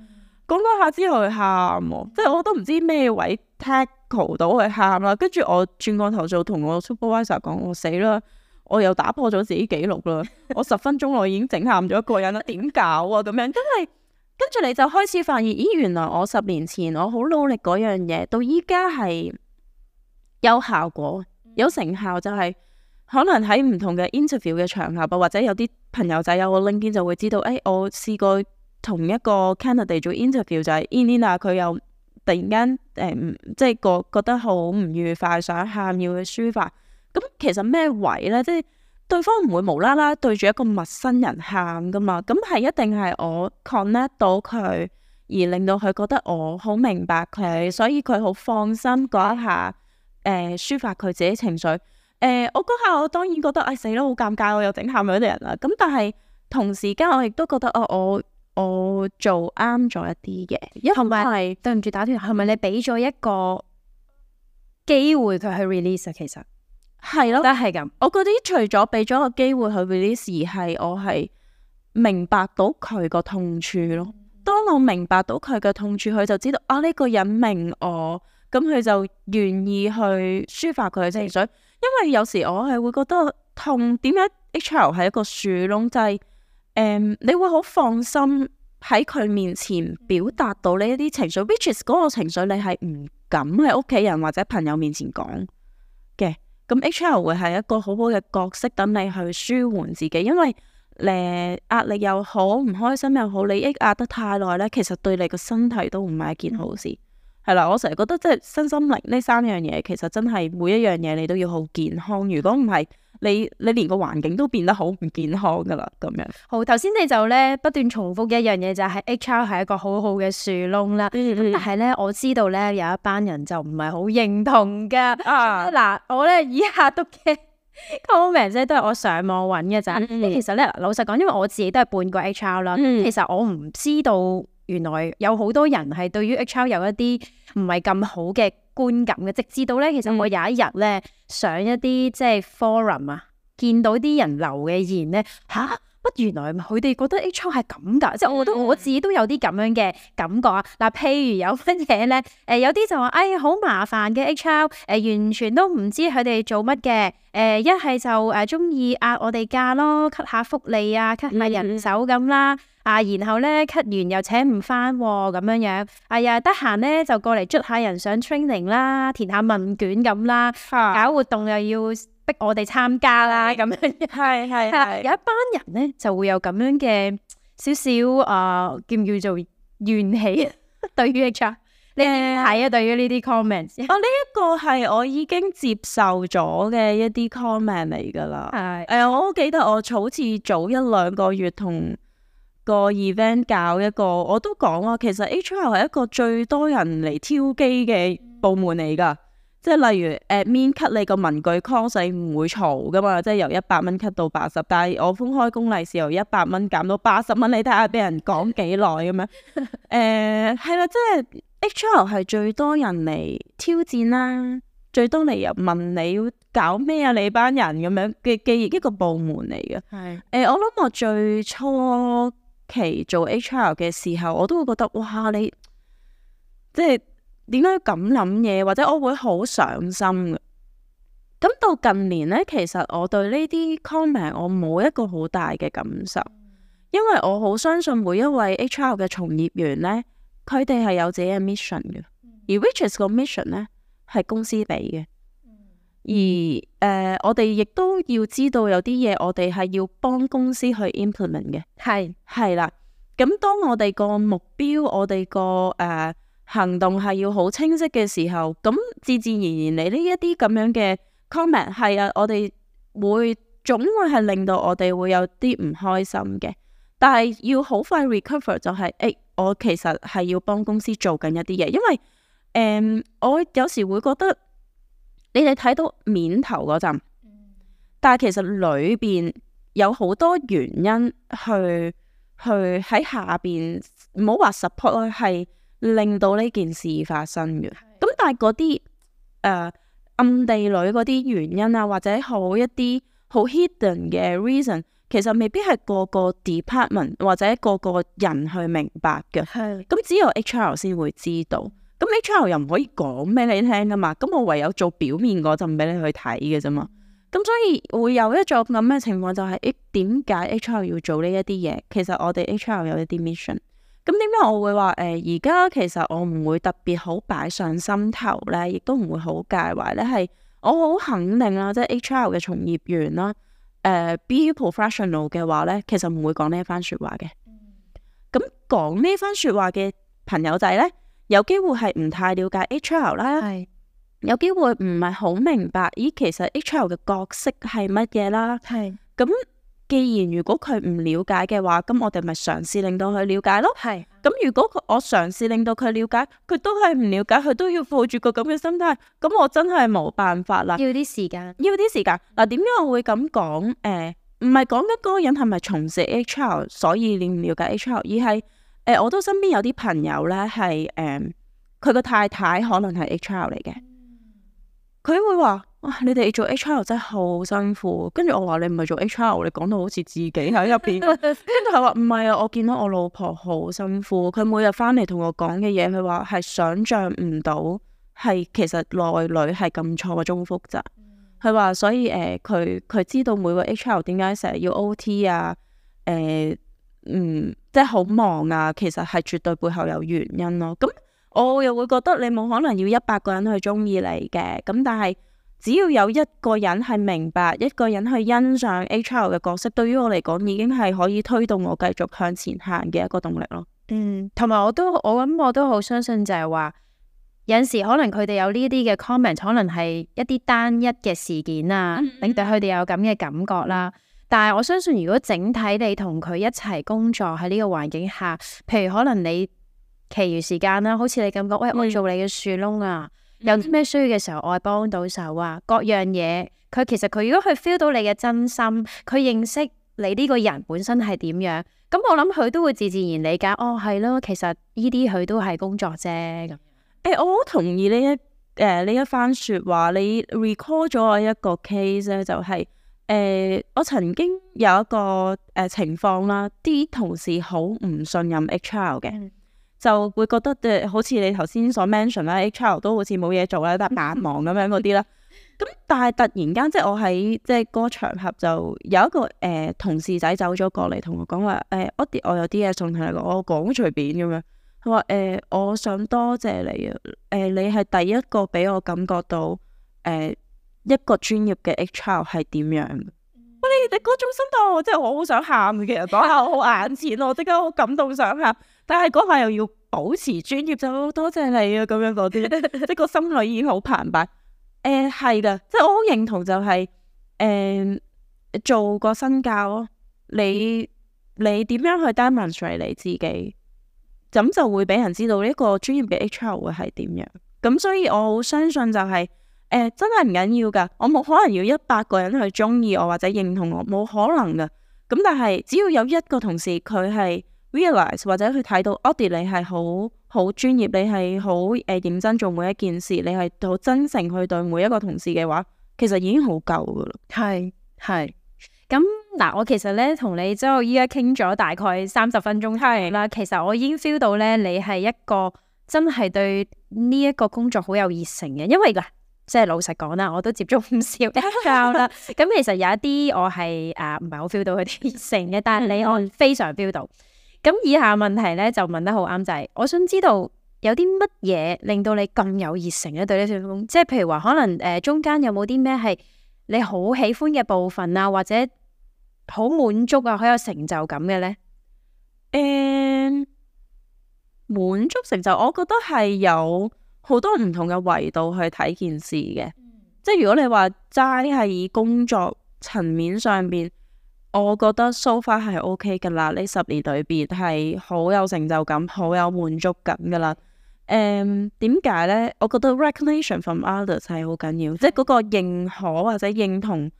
講嗰下之後喊哦，即係我都唔知咩位踢。call 到佢喊啦，跟住我轉個頭就同我 supervisor 講：「我死啦，我又打破咗自己記錄啦！ (laughs) 我十分鐘內已經整喊咗一個人啦，點搞啊？咁樣，跟住你就開始發現，咦，原來我十年前我好努力嗰樣嘢，到依家係有效果、有成效，就係可能喺唔同嘅 interview 嘅場合，或者有啲朋友仔有我 link，就會知道，誒、哎，我試過同一個 candidate 做 interview 就係 in ina i n 佢又……突然間誒、嗯，即係覺覺得好唔愉快，想喊要抒發。咁其實咩位咧？即係對方唔會無啦啦對住一個陌生人喊㗎嘛。咁係一定係我 connect 到佢，而令到佢覺得我好明白佢，所以佢好放心嗰一下誒抒、呃、發佢自己情緒。誒、呃，我嗰下我當然覺得唉，死、哎、啦，好尷尬，我又整喊咗啲人啦。咁但係同時間我亦都覺得啊、哦、我。我做啱咗一啲嘢，因為同埋對唔住打斷，係咪你俾咗一個機會佢去 release 啊？其實係咯，都係咁。我覺得除咗俾咗個機會去 release，而係我係明白到佢個痛處咯。當我明白到佢嘅痛處，佢就知道啊呢、呢個人明我，咁佢就願意去抒發佢嘅情緒。的因為有時我係會覺得痛，點解 HR 係一個樹窿，就係、係。誒，um, 你會好放心喺佢面前表達到呢一啲情緒、mm hmm.，which is 嗰個情緒你係唔敢喺屋企人或者朋友面前講嘅。咁 HR 會係一個好好嘅角色等你去舒緩自己，因為誒壓力又好，唔開心又好，你抑壓得太耐咧，其實對你個身體都唔係一件好事。Mm hmm. 係啦，我成日覺得即係身心靈呢三樣嘢，其實真係每一樣嘢你都要好健康。如果唔係，你你連個環境都變得好唔健康噶啦咁樣。好頭先你就咧不斷重複一樣嘢，就係、是、HR 係一個好好嘅樹窿啦。咁 (laughs) 但係咧，我知道咧有一班人就唔係好認同㗎。嗱、 (laughs) 啊，我咧以下都嘅 comment 即都係我上網揾嘅咋。咁、嗯、其實咧老實講，因為我自己都係半個 HR 啦，其實我唔知道。原來有好多人係對於 HR 有一啲唔係咁好嘅觀感嘅，即知道咧，其實我有一日咧上一啲即係 forum 啊，見到啲人留嘅言咧嚇。啊不，原來佢哋覺得 HR 係咁㗎，mm hmm. 即係我覺得我自己都有啲咁樣嘅感覺啊。嗱，譬如有乜嘢咧？誒、呃，有啲就話，哎，好麻煩嘅 HR，誒、呃，完全都唔知佢哋做乜嘅。誒、呃，一係就誒中意壓我哋價咯，cut 下福利啊，cut 下人手咁、啊、啦。啊，然後咧 cut 完又請唔返、啊，咁樣樣。哎呀，得閒咧就過嚟捉下人上 training 啦、啊，填下問卷咁、啊、啦，uh huh. 搞活動又要。逼我哋參加啦，咁是樣係係係， (laughs) 有一班人咧就會有咁樣嘅少少啊，叫唔叫做怨氣啊？對於 HR，誒係啊，對於呢啲 comments。哦，呢一個係我已經接受咗嘅一啲 comment 嚟噶啦。係誒是、呃，我好記得我好似早一兩個月同個 event 搞一個，我都講啊，其實 HR 係一個最多人嚟挑機嘅部門嚟噶。即係例如誒，admin cut 你個文具 cost 唔會嘈噶嘛，即係由一百蚊 cut 到八十，但係我封開公例是由一百蚊減到八十蚊，你睇下俾人講幾耐咁樣？誒、 (laughs) 呃，係啦，即、就、係、是、HR 係最多人嚟挑戰啦、啊， (laughs) 最多嚟又問你搞咩啊？你班人咁樣嘅嘅一個部門嚟嘅。係誒是、呃，我諗我最初期做 HR 嘅時候，我都會覺得哇，你即係。點解咁諗嘢，或者我會好上心嘅。咁到近年咧，其實我對呢啲 comment 我冇一個好大嘅感受，因為我好相信每一位 HR 嘅從業員咧，佢哋係有自己嘅 mission 嘅。而 which is 個 mission 咧係公司俾嘅，而誒、呃、我哋亦都要知道有啲嘢我哋係要幫公司去 implement 嘅，係係啦。咁當我哋個目標，我哋個誒。呃行動係要好清晰嘅時候，咁自自然然你呢一啲咁樣嘅 comment 係啊，我哋會總會係令到我哋會有啲唔開心嘅，但係要好快 recover 就係、是，誒、欸、我其實係要幫公司做緊一啲嘢，因為誒、嗯、我有時會覺得你哋睇到面頭嗰陣，但係其實裏邊有好多原因去去喺下邊，唔好話 support 係。令到呢件事發生嘅，咁但係嗰啲誒暗地裏嗰啲原因啊，或者好一啲好 hidden 嘅 reason，其實未必係個個 department 或者個個人去明白嘅，咁的只有 H R 先會知道，咁 H R 又唔可以講俾你聽噶嘛，咁我唯有做表面嗰陣俾你去睇嘅啫嘛，咁所以會有一種咁嘅情況就係、是，點解 H R 要做呢一啲嘢？其實我哋 H R 有一啲 mission。咁點解我會話誒？而、呃、家其實我唔會特別好擺上心頭咧，亦都唔會好介懷咧。係我好肯定啦、啊，即、就、係、是、H R 嘅從業員啦、啊，誒、呃、be professional 嘅話咧，其實唔會講呢一番説話嘅。咁講呢番説話嘅朋友仔咧，有機會係唔太了解 H R 啦，是有機會唔係好明白，咦？其實 H R 嘅角色係乜嘢啦？咁是既然如果佢唔了解嘅話，咁我哋咪嘗試令到佢了解咯。係是。咁如果我嘗試令到佢了解，佢都係唔了解，佢都要抱住個咁嘅心態。咁我真係冇辦法啦。要啲時間。要啲時間。嗱、啊，點解我會咁講？誒、呃，唔係講緊嗰個人係咪從事 HR，所以你唔了解 HR，而係誒、呃，我都身邊有啲朋友咧係誒，佢個、呃、太太可能係 HR 嚟嘅。佢會話：哇！你哋做 HR 真係好辛苦。跟住我話你唔係做 HR，你講到好似自己喺入邊。跟住佢話唔係啊，我見到我老婆好辛苦。佢每日翻嚟同我講嘅嘢，佢話係想像唔到，係其實內裏係咁錯綜複雜。佢話所以誒，佢、呃、佢知道每個 HR 點解成日要 OT 啊，誒、呃，嗯，即係好忙啊。其實係絕對背後有原因咯。咁。我又會覺得你冇可能要一百個人去鍾意你嘅，咁但係只要有一個人係明白，一個人去欣賞 HR 嘅角色，對於我嚟講已經係可以推動我繼續向前行嘅一個動力咯。嗯，同埋我都我諗我都好相信就係話有陣時可能佢哋有呢啲嘅 comment，可能係一啲單一嘅事件啊，令到佢哋有咁嘅感覺啦。但係我相信如果整體你同佢一齊工作喺呢個環境下，譬如可能你。其餘時間啦，好似你咁講，喂，我做你嘅樹窿啊，有啲咩需要嘅時候，我係幫到手啊。各樣嘢，佢其實佢如果佢 feel 到你嘅真心，佢認識你呢個人本身係點樣，咁我諗佢都會自自然理解。哦，係咯，其實呢啲佢都係工作啫。咁誒、欸，我好同意呢一誒呢一番說話。你 recall 咗我一個 case 咧，就是，就係誒我曾經有一個誒、呃、情況啦，啲同事好唔信任 HR 嘅。就會覺得誒、呃，好似你頭先所 mention 啦，HR 都好似冇嘢做啦，嗯、但係眼忙咁樣嗰啲啦。咁但係突然間，即係我喺即係個場合就有一個誒、呃、同事仔走咗過嚟，同我講話誒，我啲我有啲嘢送你，我、哦、講隨便咁樣。佢話誒，我想多謝你啊，誒、呃、你係第一個俾我感覺到誒、呃、一個專業嘅 HR 係點樣。喂，你你嗰種心態，我真係我好想喊。其實講下我好眼淺， (laughs) 我即刻好感動想喊。但係嗰下又要保持專業就多謝你啊，咁樣嗰啲， (laughs) 即係個心裏已經好澎湃。誒係噶，即係我好認同就係、是，誒、uh, 做個身教咯。你你點樣去 demonstrate 你自己，咁就，就會俾人知道呢一個專業嘅 HR 會係點樣。咁所以我好相信就係、是，誒、uh, 真係唔緊要噶，我冇可能要一百個人去中意我或者認同我，冇可能噶。咁但係只要有一個同事佢係。Realize 或者佢睇到 Oddie 你係好好專業，你係好誒認真做每一件事，你係好真誠去對每一個同事嘅話，其實已經好夠噶啦。係係咁嗱，我其實咧同你之後依家傾咗大概三十分鐘啦，是其實我已經 feel 到咧，你係一個真係對呢一個工作好有熱誠嘅。因為嗱，即係老實講啦，我都接觸唔少人啦，咁 (laughs) (laughs) (laughs) 其實有一啲我係誒唔係好 feel 到佢啲熱誠嘅，但係你我非常 feel 到。咁以下問題咧就問得好啱，就係、是、我想知道有啲乜嘢令到你咁有熱誠咧對呢份工，即係譬如話可能誒、呃、中間有冇啲咩係你好喜歡嘅部分啊，或者好滿足啊，好有成就感嘅咧？誒、嗯，滿足成就，我覺得係有好多唔同嘅維度去睇件事嘅，即係如果你話齋係以工作層面上邊。我覺得 so far 係 OK 噶啦，呢十年裏邊係好有成就感，好有滿足感噶啦。誒，點解咧？我覺得 recognition from others 係好緊要，即係嗰個認可或者認同，誒、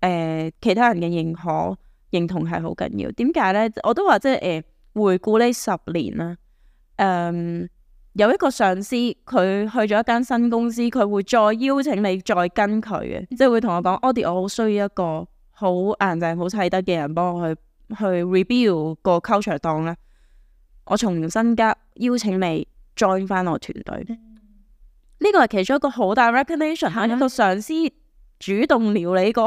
呃，其他人嘅認可認同係好緊要。點解咧？我都話即係誒、哎，回顧呢十年啦。誒、um，有一個上司佢去咗一間新公司，佢會再邀請你再跟佢嘅，即係會同我講 a u d i 我好需要一個。好硬淨好砌得嘅人，幫我去去 review 個 culture 檔啦。我重新加邀請你 join 翻我團隊。呢個係其中一個好大 recognition，係一個上司主動撩你過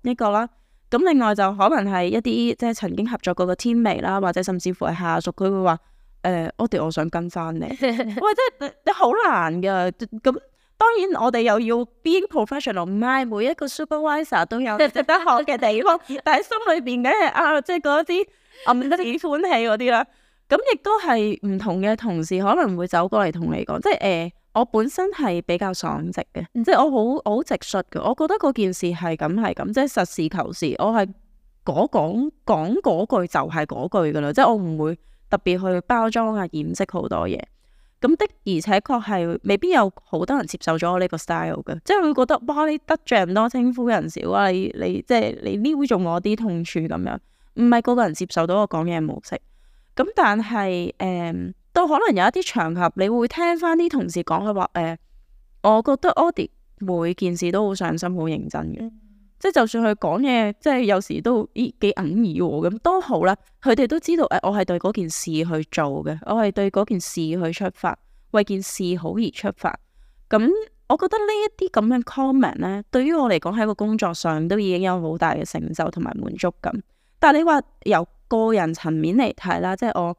去一個啦。咁、這個、另外就可能係一啲即係曾經合作過嘅 teammate 啦，或者甚至乎係下屬，佢會話：誒，我哋我想跟翻你。喂、 (laughs) 嗯，即係你好難嘅咁。當然，我哋又要 be professional，每一個 supervisor 都有值得 (laughs) 學嘅地方。但係心裏邊梗係啊，即係嗰啲唔得幾歡喜嗰啲啦。咁亦都係唔同嘅同事可能會走過嚟同你講，即係誒、欸，我本身係比較爽直嘅，嗯、即係我好我好直率嘅。我覺得嗰件事係咁係咁，即係實事求是。我係嗰講講嗰句就係嗰句噶啦，即係我唔會特別去包裝啊掩飾好多嘢。咁的而且確係未必有好多人接受咗我呢個 style 嘅，即係會覺得哇你得罪人多稱呼人少啊，你你即係你撩中我啲痛處咁樣，唔係個個人接受到我講嘢模式。咁但係誒，都、嗯、可能有一啲場合，你會聽翻啲同事講佢話誒、呃，我覺得 Oddie 每件事都好上心，好認真嘅。即係就算佢講嘢，即係有時都依幾隱語咁都好啦。佢哋都知道，誒、哎，我係對嗰件事去做嘅，我係對嗰件事去出發，為件事好而出發。咁我覺得這這呢一啲咁樣 comment 咧，對於我嚟講喺個工作上都已經有好大嘅成就同埋滿足感。但係你話由個人層面嚟睇啦，即係我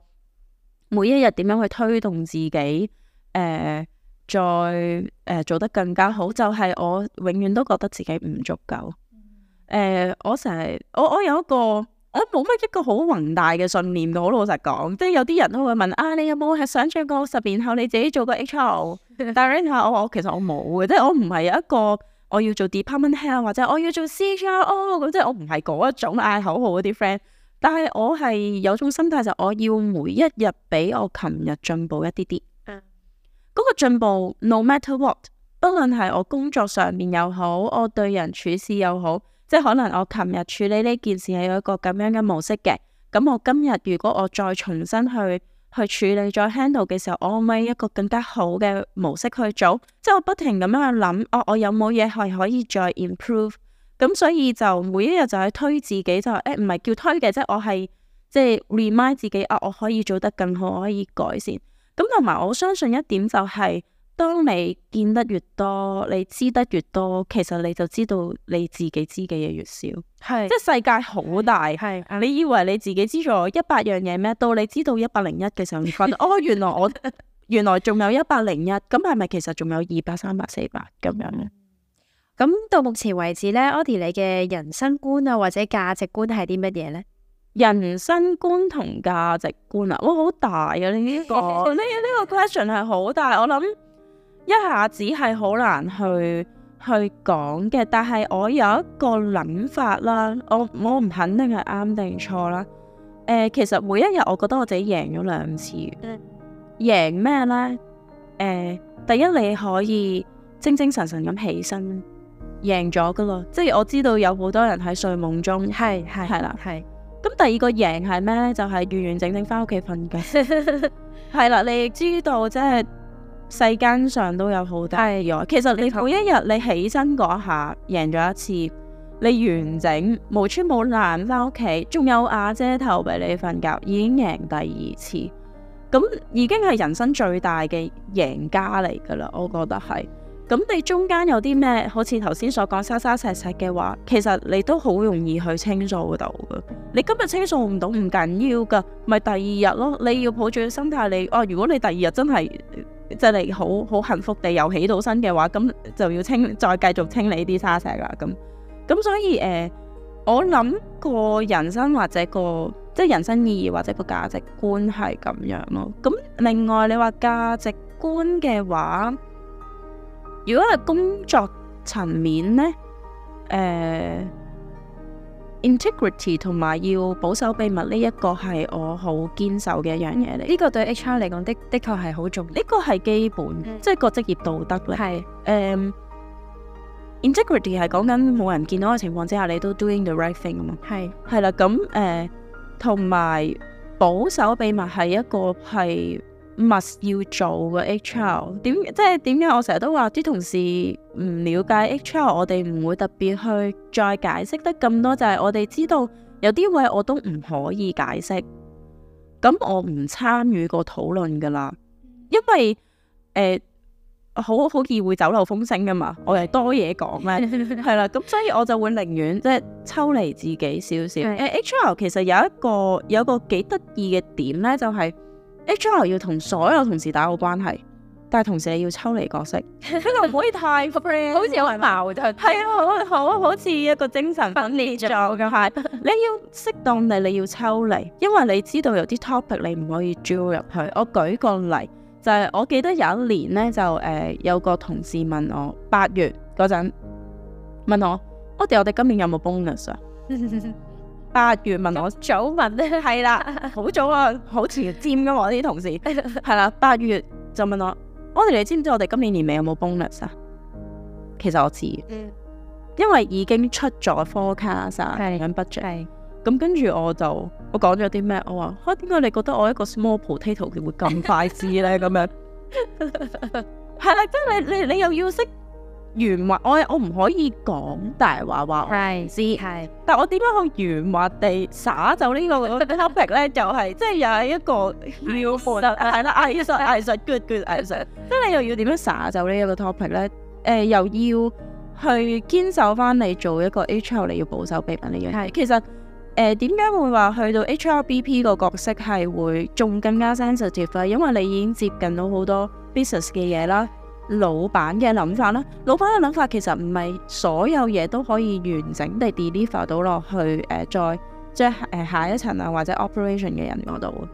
每一日點樣去推動自己，誒、呃，再誒、呃、做得更加好，就係、是、我永遠都覺得自己唔足夠。誒、欸，我成日我我有一個我冇乜一個好宏大嘅信念，好老實講，即係有啲人都會問啊，你有冇係想做過十年後你自己做個 H R？ (laughs) 但係我我其實我冇嘅，即係我唔係一個我要做 department head 或者我要做 C H R O 咁，即係我唔係嗰一種嗌口號嗰啲 friend。但係我係有種心態就我要每一日比我琴日進步一啲啲。嗰 (laughs) 個進步 no matter what，不論係我工作上面又好，我對人處事又好。即係可能我琴日處理呢件事係有一個咁樣嘅模式嘅，咁我今日如果我再重新去去處理再 handle 嘅時候，我可唔可以一個更加好嘅模式去做？即係我不停咁樣去諗，我我有冇嘢係可以再 improve？咁所以就每一日就推自己，就誒唔係叫推嘅，即係我係即係 remind 自己啊，我可以做得更好，我可以改善。咁同埋我相信一點就係。當你見得越多，你知得越多，其實你就知道你自己知嘅嘢越少。係是，即係世界好大。係是，你以為你自己知咗一百樣嘢咩？到你知道一百零一嘅時候，你 (laughs) 哦，原來我原來仲有一百零一。咁係咪其實仲有二百、三百、嗯、四百咁樣咧？咁到目前為止咧，Oddie 你嘅人生觀啊，或者價值觀係啲乜嘢咧？人生觀同價值觀啊，哇，好大啊！呢、這、一個呢呢 (laughs) 哦這個 question 係好大，我諗。一下子係好難去去講嘅，但係我有一個諗法啦，我我唔肯定係啱定錯啦。誒、呃，其實每一日我覺得我自己贏咗兩次，嗯、贏咩咧？誒、呃，第一你可以精精神神咁起身，贏咗噶啦，即係我知道有好多人喺睡夢中，係係係啦，係。咁第二個贏係咩咧？就係、是、完完整整翻屋企瞓嘅，係 (laughs) (laughs) 啦，你亦知道即係。世間上都有好多，係啊！其實你每一日你起身嗰下贏咗一次，你完整無穿冇爛返屋企，仲有阿姐頭俾你瞓覺，已經贏第二次，咁已經係人生最大嘅贏家嚟㗎喇！我覺得係。咁你中間有啲咩，好似頭先所講沙沙石石嘅話，其實你都好容易去清掃到嘅。你今日清掃唔到唔緊要噶，咪第二日咯。你要抱住個心態，你、啊、哦，如果你第二日真係即係好好幸福地又起到身嘅話，咁就要清再繼續清理啲沙石啦。咁咁所以誒、呃，我諗個人生或者個即係人生意義或者個價值觀係咁樣咯。咁另外你話價值觀嘅話。如果係工作層面呢，誒 integrity 同埋要保守秘密，呢一個係我好堅守嘅一樣嘢嚟。呢個對 HR 嚟講的的確係好重要，呢個係基本，即係個職業道德咧。係誒 integrity 係講緊冇人見到嘅情況之下，你都 doing the right thing 啊嘛。係係啦，咁誒同埋保守秘密係一個係。must 要做嘅 HR 點，即係點解我成日都話啲同事唔了解 HR，我哋唔會特別去再解釋得咁多，就係、是、我哋知道有啲位我都唔可以解釋，咁我唔參與個討論噶啦，因為，誒、欸，好好易會走漏風聲噶嘛，我係多嘢講咩係啦，咁、 (laughs) 嗯、所以我就會寧願即係抽離自己少少。誒 (laughs) HR 其實有一個有一個幾得意嘅點咧，就係、是。HR 要同所有同事打好關係，但係同時你要抽離角色，唔 (laughs) 可以太 friend， (laughs) 好似有啲矛盾。係啊， (laughs) 好好好似一個精神分裂咗嘅狀態。 (laughs) 你要適當地你要抽離，因為你知道有啲 topic 你唔可以 join 入去。我舉個例，就係、是、我記得有一年呢，就誒、呃、有個同事問我八月嗰陣問我，我哋我哋今年有冇 bonus 啊？ (laughs) 八月問我，早問。係啦，好早啊，好前瞻噶嘛呢啲同事，係 (laughs) 啦，八月就問我，我哋 (laughs) 你知唔知我哋今年年尾有冇 bonus 啊？其實我知，嗯、因為已經出咗 forecast 啊，budget，咁跟住我就我講咗啲咩？我話，嚇，點解你覺得我一個 small potato 佢會咁快知咧？咁樣係啦，真係你你你，你又要識。圓滑，我我唔可以講大話話我唔知，但我點樣去圓滑地灑走呢個 topic 咧，就係即係又係一個，係啦，is it is i, saw, I, saw, I saw, good good is 即係你又要點樣灑走呢一個 topic 咧？誒、呃，又要去堅守翻你做一個 HR，你要保守秘密呢樣？係 (laughs) 其實誒點解會話去到 HRBP 個角色係會仲更加 sensitive？因為你已經接近到好多 business 嘅嘢啦。老闆嘅諗法啦，老闆嘅諗法其實唔係所有嘢都可以完整地 deliver 到落去誒、呃，再即誒、呃、下一層啊，或者 operation 嘅人嗰度，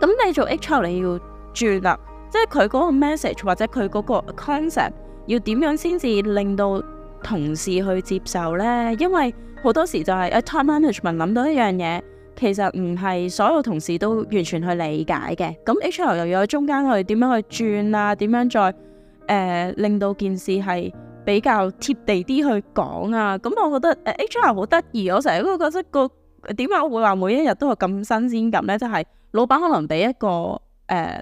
咁你做 HR 你要轉啦，即係佢嗰個 message 或者佢嗰個 concept 要點樣先至令到同事去接受呢？因為好多時就係誒 top management 諗到一樣嘢，其實唔係所有同事都完全去理解嘅。咁 HR 又要喺中間去點樣去轉啊？點樣再？誒、呃，令到件事係比較貼地啲去講啊，咁、嗯、我覺得誒，H R 好得意，我成日都會覺得、這個點解我會話每一日都係咁新鮮咁呢？就係、是、老闆可能俾一個誒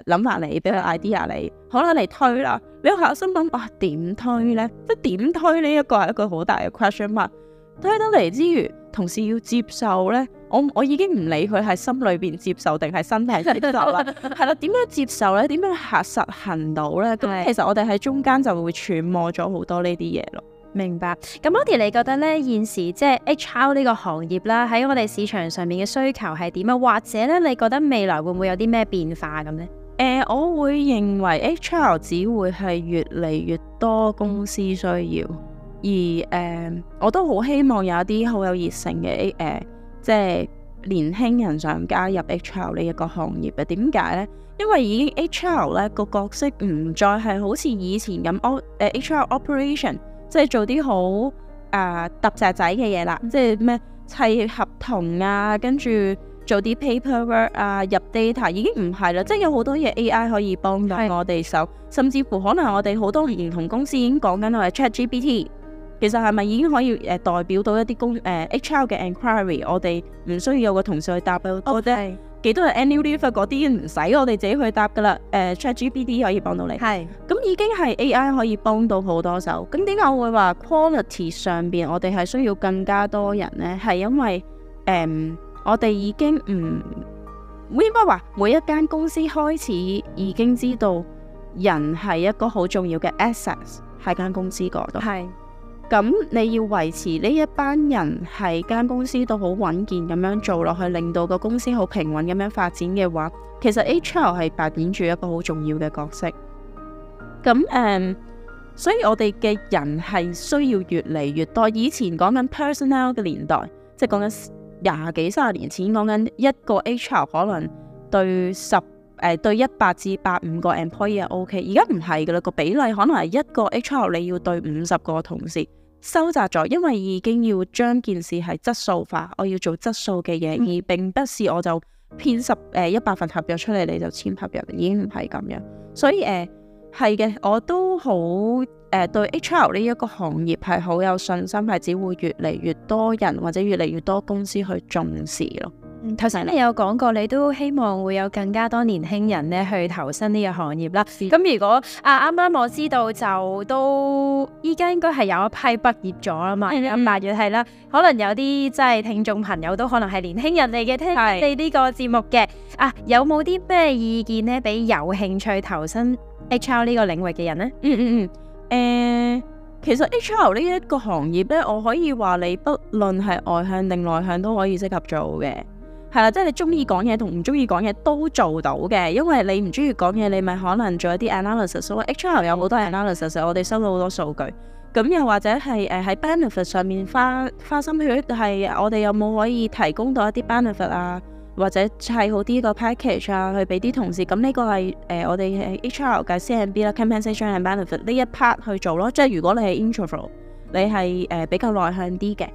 諗法你，俾個 idea 你，可能嚟推啦，你又心諗哇點推呢？即係點推呢一個係一個好大嘅 question mark，推得嚟之餘，同事要接受呢。我我已經唔理佢係心裏邊接受定係身體接受啦， (laughs) 係啦，點樣接受咧？點樣實實行到咧？咁其實我哋喺中間就會揣摩咗好多呢啲嘢咯。明白。咁 Oddie 你覺得咧，現時即係、就是、HR 呢個行業啦，喺我哋市場上面嘅需求係點啊？或者咧，你覺得未來會唔會有啲咩變化咁咧？誒、呃，我會認為 HR 只會係越嚟越多公司需要，而誒、呃，我都好希望有一啲好有熱誠嘅誒。即係年輕人想加入 HR 呢一個行業嘅，點解呢？因為已經 HR 咧個角色唔再係好似以前咁，op HR operation，即係做啲好啊揼石仔嘅嘢啦，即係咩砌合同啊，跟住做啲 paperwork 啊，入 data 已經唔係啦，即係有好多嘢 AI 可以幫到我哋手，嗯、甚至乎可能我哋好多唔同公司已經講緊我係 ChatGPT。嗯嗯。其實係咪已經可以誒代表到一啲公誒、uh, H R 嘅 enquiry？我哋唔需要有個同事去答。Oh, 我哋係幾多人 annual leave 嗰啲唔使，我哋自己去答噶啦。誒、uh, chat G P T 可以幫到你。係咁是已經係 A I 可以幫到好多手。咁點解我會話 quality 上邊我哋係需要更加多人咧？係因為誒、um, 我哋已經唔應該話每一間公司開始已經知道人係一個好重要嘅 asset 喺間公司嗰度。係。咁你要維持呢一班人係間公司都好穩健咁樣做落去，令到個公司好平穩咁樣發展嘅話，其實 HR 係扮演住一個好重要嘅角色。咁誒、嗯，所以我哋嘅人係需要越嚟越多。以前講緊 personnel 嘅年代，即係講緊廿幾三十年前，講緊一個 HR 可能對十誒、呃、對一百至百五個 employee，ok、er OK, 而家唔係噶啦，個比例可能係一個 HR 你要對五十個同事。收窄咗，因為已經要將件事係質素化，我要做質素嘅嘢。嗯、而並不是我就編十誒一百份合約出嚟，你就簽合約，已經唔係咁樣。所以誒係嘅，我都好誒、呃、對 H R 呢一個行業係好有信心，係只會越嚟越多人或者越嚟越多公司去重視咯。頭先、嗯、你有講過，你都希望會有更加多年輕人咧去投身呢個行業啦。咁、嗯、如果啊，啱啱我知道就都依家應該係有一批畢業咗啦嘛。咁八月係啦，可能有啲即係聽眾朋友都可能係年輕人嚟嘅，聽你呢個節目嘅。是啊，有冇啲咩意見呢？俾有興趣投身 H R 呢個領域嘅人呢？嗯嗯嗯。誒、嗯嗯呃，其實 H R 呢一個行業咧，我可以話你，不論係外向定內向都可以適合做嘅。係啦，即係你中意講嘢同唔中意講嘢都做到嘅，因為你唔中意講嘢，你咪可能做一啲 analysis 咯。HR 有好多 analysis，我哋收到好多數據。咁又或者係誒喺、呃、benefit 上面花花心血，係我哋有冇可以提供到一啲 benefit 啊，或者砌好啲個 package 啊，去俾啲同事。咁呢個係誒、呃、我哋 HR 嘅 c n b 啦，compensation and benefit 呢一 part 去做咯。即係如果你係 i n t e r v a l 你係誒、呃、比較內向啲嘅。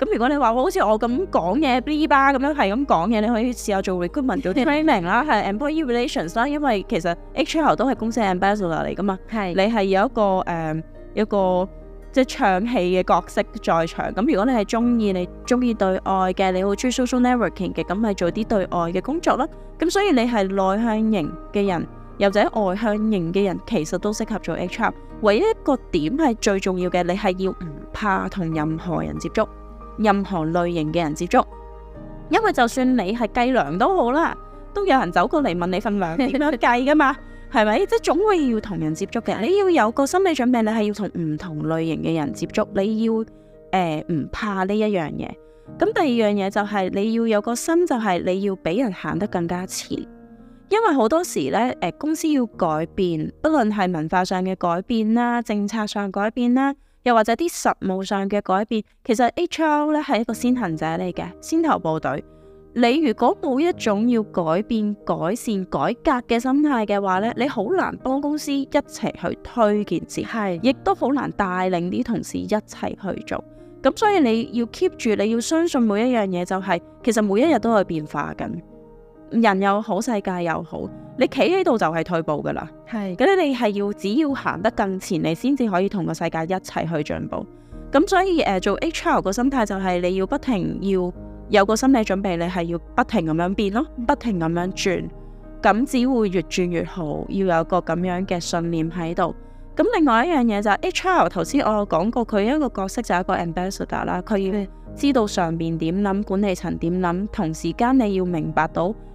咁如果你話好似我咁講嘢，Biba，咁樣，係咁講嘢，你可以試下做 recruitment、做 training 啦，係 employee relations 啦。因為其實 HR 都係公司 ambassador 嚟噶嘛，係你係有一個誒一個即係唱戲嘅角色在場。咁如果你係中意你中意對外嘅，你好中意 social networking 嘅，咁咪做啲對外嘅工作啦。咁所以你係內向型嘅人，又或者外向型嘅人，其實都適合做 HR。唯一一個點係最重要嘅，你係要唔怕同任何人接觸。任何類型嘅人接觸，因為就算你係計糧都好啦，都有人走過嚟問你份糧點樣計噶嘛，係咪？ (laughs) 即係總會要同人接觸嘅，你要有個心理準備，你係要同唔同類型嘅人接觸，你要誒唔、呃、怕呢一樣嘢。咁第二樣嘢就係、是、你要有個心，就係你要俾人行得更加前，因為好多時呢，誒公司要改變，不論係文化上嘅改變啦，政策上改變啦。又或者啲實務上嘅改變，其實 HR 咧係一個先行者嚟嘅，先頭部隊。你如果冇一種要改變、改善、改革嘅心態嘅話咧，你好難幫公司一齊去推薦自己，係，亦的都好難帶領啲同事一齊去做。咁所以你要 keep 住，你要相信每一樣嘢就係、是，其實每一日都喺變化緊。人又好，世界又好，你企喺度就係退步噶啦。係咁的，你哋係要只要行得更前，你先至可以同個世界一齊去進步。咁所以誒、呃，做 HR 個心態就係你要不停要有個心理準備，你係要不停咁樣變咯，不停咁樣轉，咁只會越轉越好。要有個咁樣嘅信念喺度。咁另外一樣嘢就係 HR，頭先我有講過，佢一個角色就係一個 ambassador 啦，佢要知道上邊點諗，管理層點諗，同時間你要明白到。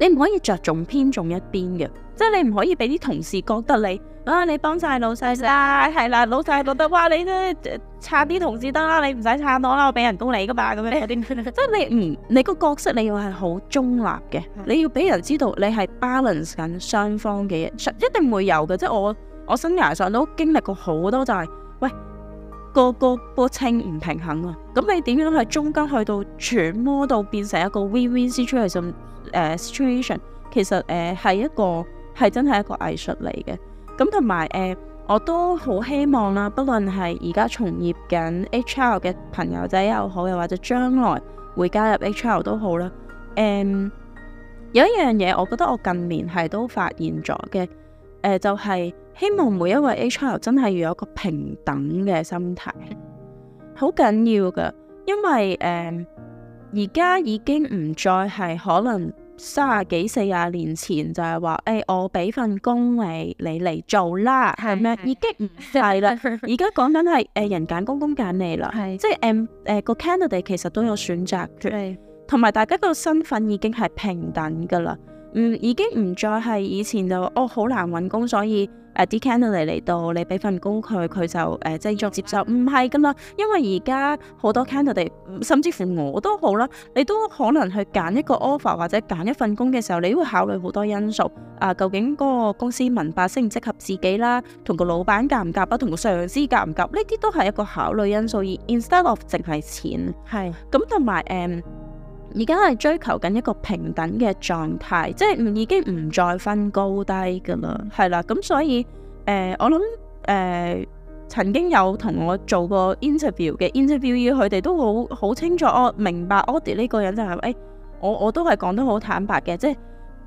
你唔可以着重偏重一邊嘅，即係你唔可以俾啲同事覺得你啊，你幫晒老細，係、啊、啦，老細覺得哇你都差啲同事得啦，你唔使撐我啦，我俾人工你噶嘛，咁樣， (laughs) 即係你唔，你個角色你要係好中立嘅，你要俾人知道你係 balance 緊雙方嘅嘢，一定會有嘅，即係我我生涯上都經歷過好多就係、是，喂，個個波秤唔平衡啊，咁你點樣喺中間去到揣摩到變成一個 win win situation 出嚟？V C 誒其實誒係、呃、一個係真係一個藝術嚟嘅。咁同埋誒，我都好希望啦，不論係而家從業緊 H R 嘅朋友仔又好，又或者將來會加入 H R 都好啦。誒、呃，有一樣嘢，我覺得我近年係都發現咗嘅，誒、呃，就係、是、希望每一位 H R 真係要有一個平等嘅心態，好緊要㗎，因為誒。呃而家已經唔再係可能三啊幾四啊年前就係話，誒、哎，我俾份工你，你嚟做啦咁樣，嗎嗎已經唔係啦。而家講緊係誒人揀工，工揀你啦，是即係誒誒個 candidate 其實都有選擇嘅，同埋對大家個身份已經係平等噶啦，嗯，已經唔再係以前就哦好難搵工，所以。誒啲 candidate 嚟到，你俾份工佢，佢就誒、啊、即係作接受，唔係噶啦，因為而家好多 candidate，甚至乎我都好啦，你都可能去揀一個 offer 或者揀一份工嘅時候，你會考慮好多因素啊，究竟嗰個公司文化適唔適合自己啦，同個老闆夾唔夾，不同個上司夾唔夾，呢啲都係一個考慮因素，而 instead of 淨係錢，係咁同埋誒。嗯。而家係追求緊一個平等嘅狀態，即係已經唔再分高低噶啦，係啦。咁 (noise) 所以，誒、呃、我諗誒、呃、曾經有同我做過 interview 嘅 interviewee 佢哋都好好清楚，我明白 Oddie 呢個人就係、是、誒、欸、我我都係講得好坦白嘅，即係誒、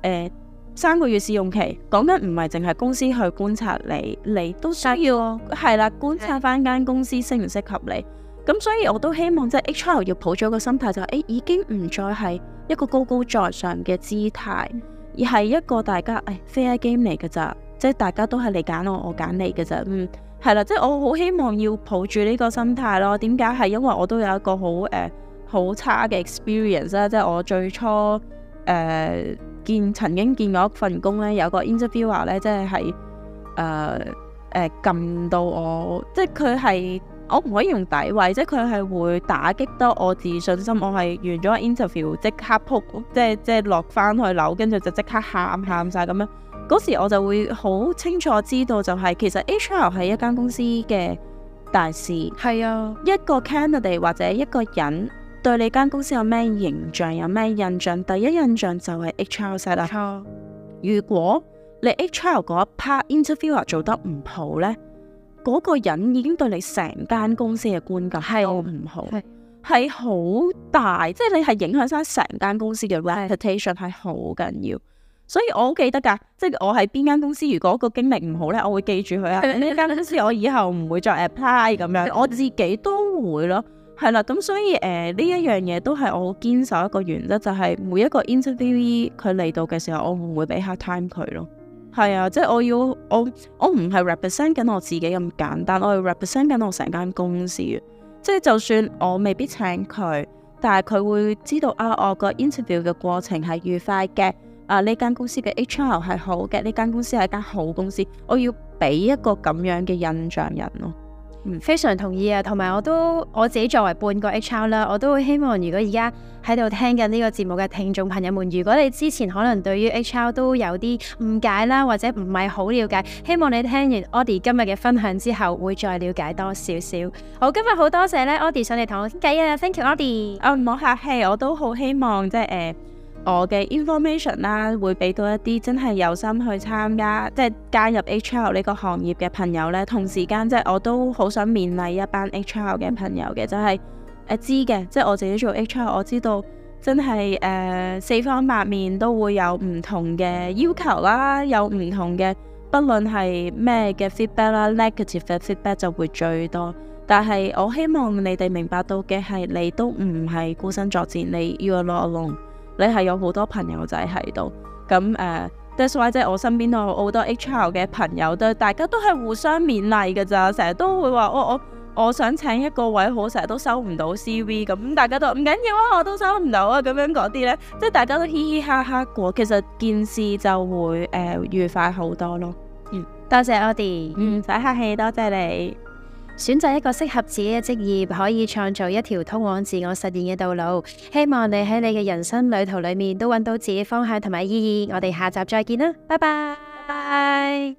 呃、三個月試用期，講緊唔係淨係公司去觀察你，你都需要係啦但，觀察翻間公司適唔適合你。咁所以我都希望即係、就是、HR 要抱咗個心態就誒、是哎、已經唔再係一個高高在上嘅姿態，而係一個大家誒、哎哎、fair game 嚟噶咋。即係大家都係你揀我，我揀你噶咋，嗯係啦，即係、就是、我好希望要抱住呢個心態咯。點解係因為我都有一個好誒好差嘅 experience 啦。即係我最初誒、呃、見曾經見過一份工咧，有個 interviewer 咧，即係係誒誒撳到我，即係佢係。我唔可以用底位，即佢係會打擊得我自信心。我係完咗 interview 即刻撲，即係即係落翻去樓，跟住就即刻喊喊晒。咁樣。嗰時我就會好清楚知道、就是，就係其實 HR 係一間公司嘅大事。係啊，一個 candidate 或者一個人對你間公司有咩形象，有咩印象？第一印象就係 HR 先啦。錯錯。如果你 HR 嗰一 part interview 啊做得唔好呢。嗰個人已經對你成間公司嘅觀感都唔好，係好大，即係你係影響晒成間公司嘅 reputation 係好緊的要。所以我好記得㗎，即係我喺邊間公司，如果個經歷唔好咧，我會記住佢的啊。呢間公司我以後唔會再 apply 咁 (laughs) 樣，我自己都會咯，係啦。咁所以誒，呢、呃、一樣嘢都係我堅守一個原則，就係、是、每一個 interview 佢、e、嚟到嘅時候，我唔會俾下 time 佢咯。係啊，即係我要我我唔係 represent 緊我自己咁簡單，我係 represent 緊我成間公司。即係就算我未必請佢，但係佢會知道啊，我個 interview 嘅過程係愉快嘅，啊呢間公司嘅 HR 係好嘅，呢間公司係間好公司，我要俾一個咁樣嘅印象人咯。非常同意啊，同埋我都我自己作為半個 HR 啦，我都會希望如果而家喺度聽緊呢個節目嘅聽眾朋友們，如果你之前可能對於 HR 都有啲誤解啦，或者唔係好了解，希望你聽完 Oddie 今日嘅分享之後，會再了解多少少。好，今日好多謝呢 Oddie 上嚟同我傾偈啊，Thank you Oddie 啊，唔好客氣，我都好希望即係、呃我嘅 information 啦、啊，會俾到一啲真係有心去參加，即係加入 HR 呢個行業嘅朋友呢。同時間即係我都好想勉勵一班 HR 嘅朋友嘅，就係、是啊、知嘅，即係我自己做 HR，我知道真係誒、呃、四方八面都會有唔同嘅要求啦，有唔同嘅，不論係咩嘅 feedback 啦，negative 嘅 feedback 就會最多。但係我希望你哋明白到嘅係，你都唔係孤身作戰，你 you are not alone。你係有好多朋友仔喺度咁誒，uh, that's why, 即係我身邊都好多 H R 嘅朋友都，大家都係互相勉勵噶咋，成日都會話我我我想請一個位好，好成日都收唔到 C V，咁大家都唔緊要啊，我都收唔到啊，咁樣嗰啲咧，即係大家都嘻嘻哈哈過，其實件事就會誒、呃、愉快好多咯。嗯、多謝我哋，唔使、嗯、客氣，多謝你。選擇一個適合自己嘅職業，可以創造一條通往自我實現嘅道路。希望你喺你嘅人生旅途裏面都揾到自己方向同埋意義。我哋下集再見啦，拜拜。